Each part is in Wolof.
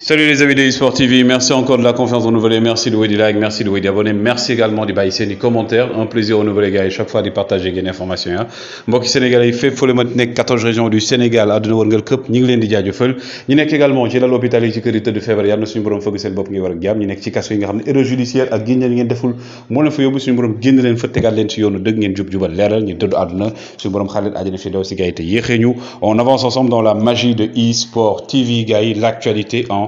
Salut les amis de eSport TV, merci encore de la confiance renouvelée, merci de vous des likes, merci de vous des abonnés, merci également de baisser des commentaires, un plaisir renouvelé gars, et chaque fois de partager des informations. Hein. Mbokk Sénégalais yi fépp fu leen mën 14 régions du Sénégal à de këpp ñu ngi leen di jaajëfal ñi nekk également ci lal hôpital yi ci kër yi tëdd feebar yàlla na suñu borom fëgg seen bopp ngi war ak jàmm ñi ci yi nga erreur judiciaire ak génn ngeen deful moo leen fa yóbbu suñu borom génn leen fa tegaat leen ci yoonu dëgg ngeen jub jubal leeral ngeen tëdd àdduna suñu borom xaar leen fi gars on avance ensemble dans la magie de eSport TV gars l'actualité en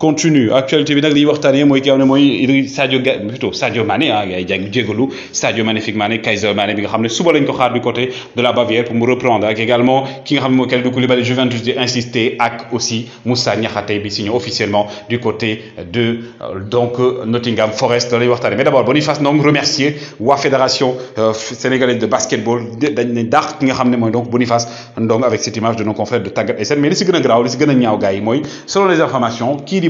continue actualité bi nag li ñuy waxtaanee mooy ki nga xam ne mooy Sadio plutôt Sadio Mané ah hein, yaay jàng jégalu Sadio magnifique Mané Kaiser Mané bi nga xam ne suba lañ ko xaar du côté de la Bavière pour mu reprendre ak hein, également ki nga xam ne mooy Kalidou Koulibaly Juventus di insister ak aussi Moussa Niakhate bi signé officiellement du côté de euh, donc Nottingham Forest la ñuy waxtaanee mais d' abord Boniface donc remercier waa fédération euh, sénégalaise de basketball dañ ne dàq ki nga xam ne mooy donc Boniface Ndong avec cette image de nos confrères de Tagat SN mais li si gën a graaw li si gën a ñaaw gars yi mooy selon les informations kii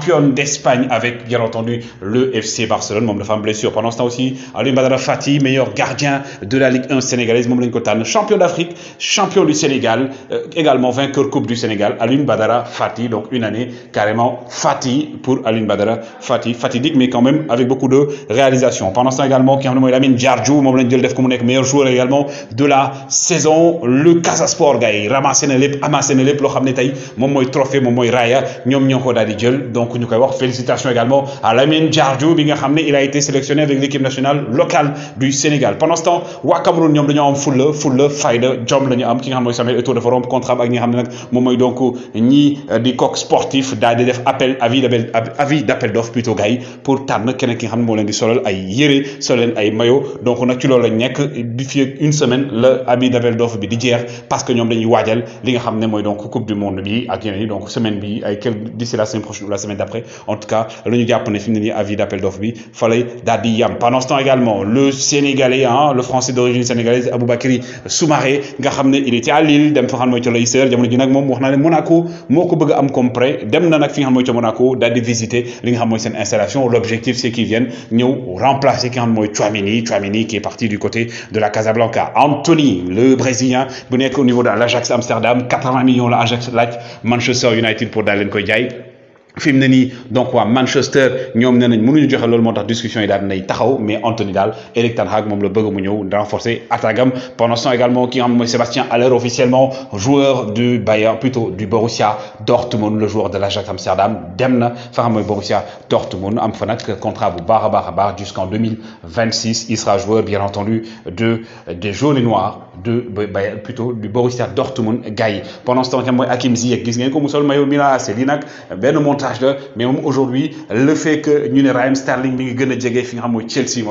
championne d'Espagne avec, bien entendu, le FC Barcelone. de la femme blessure pendant ce temps aussi Aline Badara Fati meilleur gardien de la Ligue 1 sénégalaise membre Kotan, champion d'Afrique champion du Sénégal euh, également vainqueur Coupe du Sénégal Aline Badara Fati donc une année carrément Fati pour Aliou Badara Fati fatidique mais quand même avec beaucoup de réalisations pendant ce temps également qui a un nom de Lamine mine def ko meilleur joueur également de la saison le Casasport Gaï, ramassé Nelep amassé Nelep, Loham Netaï, xam trophée moom mooy raya, ñoom donc donc wax félicitations également à Lamine Jarju bi nga il a été sélectionné avec l'équipe nationale locale du Sénégal pendant ce temps wa Cameroun ñom dañu am fulla fulla fayda jom lañu am ki nga xamné mooy Samuel Eto'o dafa romb contrat ak ñi nga xam ne moy donc ñi di coq sportif da di def appel avis d'appel avis d'appel d'offre plutôt gay pour tànn keneen ki nga xamné mo leen di solal ay yéré solal ay mayo donc nak ci loolu la ñek bi fii une semaine le avis d'appel d'offre bi di jeex parce que ñom dañuy wadjal li nga xamné moy donc coupe du monde bi ak donc semaine bi ay quelques d'ici la semaine prochaine ou la semaine d'après en tout cas le Nigeria pour ne fi mu avis d'appel d'offre bi fallait lay pendant ce temps également le sénégalais hein, le français d'origine sénégalaise sénégalaise Bakri Soumaré nga il était à Lille dem fa xam mooy ca Leicester jamono ji nag moom Monaco moko bëgg a am comme prêt dem na nak fi Monaco daal di visiter li nga xam installation L'objectif c'est qu'ils viennent remplacer quand moy qui est parti du côté de la Casablanca Anthony le brésilien bu au niveau de lajax Amsterdam 80 millions la Ajax Manchester United pour Dalen Koyai film mu donc Manchester ñom nee nañ mënuñu joxe lool motax discussion yi daal nay taxaw mais Anthony Dal, Eric Ten Hag mom la bëgg mu ñëw renforcer attaque pendant ce temps également qui moy Sébastien Haller officiellement joueur du Bayern plutôt du Borussia Dortmund le joueur de l'Ajax Amsterdam dem na fa xam Borussia Dortmund am fa nak contrat bu baax a baax jusqu'en 2026 il sera joueur bien entendu de des jaunes et noirs de Bayern plutôt du Borussia Dortmund gars pendant ce temps moy Hakim Ziyech gis ngeen ko mu sol maillot Milan c'est li nak benn montage mais aujourd'hui le fait que ñu né Sterling mi ngi gëna jëgé Chelsea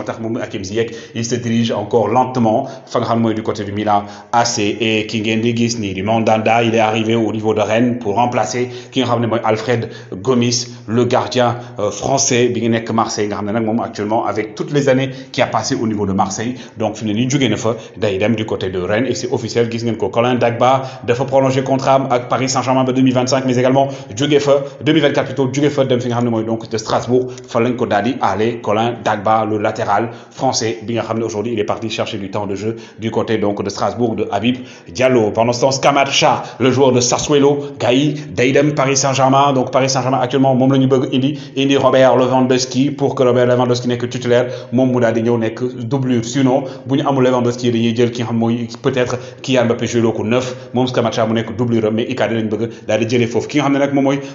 il se dirige encore lentement fa du côté du Milan AC et ki ngeen di il est arrivé au niveau de Rennes pour remplacer ki nga Alfred Gomis le gardien euh, français bi Marseille nga actuellement avec toutes les années qui a passé au niveau de Marseille donc fi mu ne du côté de Rennes et c'est officiel gis Colin Dagba fa prolonger contrat avec Paris Saint-Germain ba 2025 mais également du fa 2024 plutôt du fait dem fi donc de Strasbourg fa lañ Allé Colin Dagba le latéral français bi nga aujourd'hui il est parti chercher du temps de jeu du côté donc de Strasbourg de Habib Diallo pendant ce temps Skamatcha, le joueur de Sassuolo Gaï, Daydem, Paris Saint-Germain donc Paris Saint-Germain actuellement moom la indi indi Robert Lewandowski pour que Robert Lewandowski n'est titulaire que mu daal di ñëw que doublure sinon bu ñu Lewandowski dañuy jël ki qui a mooy peut-être Kylian Mbappé joué ko neuf moom Scamacha mu que doublure mais il lañ bëgg daal di jëlee ki nga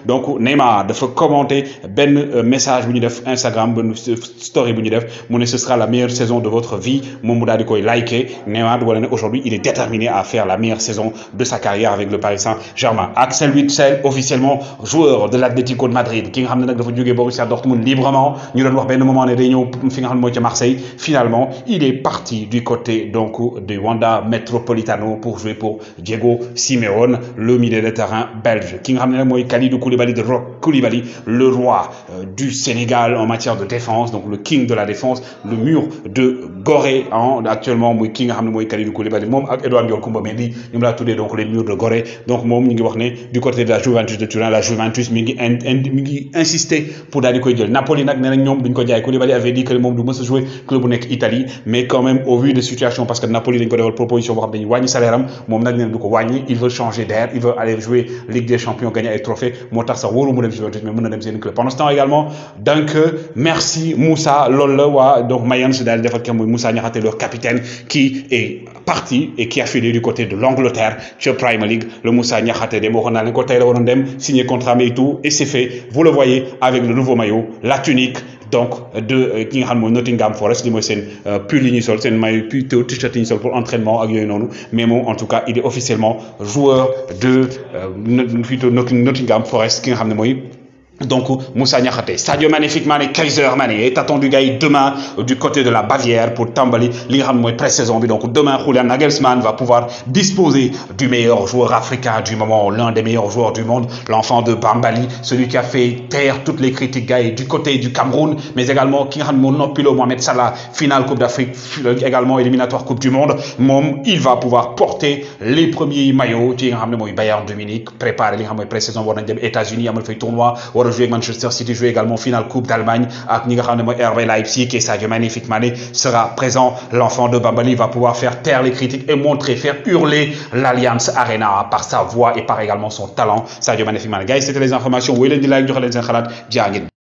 donc Neymar de dafa commenter ben message bu Instagram ben story bu def ce sera la meilleure saison de votre vie moom mu daal koy liker Neymar wala ne aujourd'hui il est déterminé à faire la meilleure saison de sa carrière avec le Paris Saint-Germain Axel Witsel officiellement joueur de l'Atlético de Madrid King nga de ne dafa Borussia Dortmund librement ñu doon wax ben moment né day ñew fi nga xamne à Marseille finalement il est parti du côté donc de Wanda Metropolitano pour jouer pour Diego Simeone le milieu de terrain belge ki nga xam du coup Kalidou Koulibaly de Rock Koulibaly, le roi euh, du Sénégal en matière de défense, donc le king de la défense, le mur de Gorée. Hein, actuellement, le king nga xam Koulibaly moom ak Edouard Ndiol Koumba Mendy ñu l'a laa tuddee donc les murs de Gorée donc moom ñu ngi du côté de la Juventus de Turin la Juventus mi pour daal di koy Napoli na ñoom duñ ko jaay Koulibaly avait dit que moom du mës jouer club bu Italie mais quand même au vu de la situation parce que Napoli dañ ko de proposition boo xam dañuy wàññi salaire il veut changer d'air il veut aller jouer Ligue des Champions gagner un trophée, moo tax sax wóoru je mais mën na dem seen pendant ce temps également donc merci Moussa loolu la donc Mayence daal di defal kenn Moussa Niakhaté leur capitaine qui est parti et qui a filé du côté de l'Angleterre sur Premier League le Moussa Niakhaté dem waxoon naa leen ko signé la waroon dem signer contrat mais tout et c'est fait vous le voyez avec le nouveau maillot la tunique donc de euh, ki nga Nottingham Forest li moy sen euh, pull yi sol sen maillot plutôt t-shirt pour entraînement ak yoy mais en tout cas il est officiellement joueur de euh, Nottingham Forest ki nga xam donc Moussa Niakhaté, Sadio magnifique Mané, Kaiser Mané est attendu gars demain du côté de la Bavière pour Tambali l'Iran pré-saison. Donc demain Julian Nagelsmann va pouvoir disposer du meilleur joueur africain du moment, l'un des meilleurs joueurs du monde, l'enfant de Bambali, celui qui a fait taire toutes les critiques gars du côté du Cameroun, mais également Kiran Monopilo Mohamed Salah, finale Coupe d'Afrique, euh, également éliminatoire Coupe du monde. il va pouvoir porter les premiers maillots qui nga xam Bayern préparé li pré-saison war nañ États-Unis amal fay tournoi Manchester City jouer également finale Coupe d'Allemagne avec ñi nga Leipzig et Sadio sera présent l'enfant de Bambali va pouvoir faire taire les critiques et montrer faire hurler l'Alliance Arena par sa voix et par également son talent Sadio magnifique c'était les informations Où di like la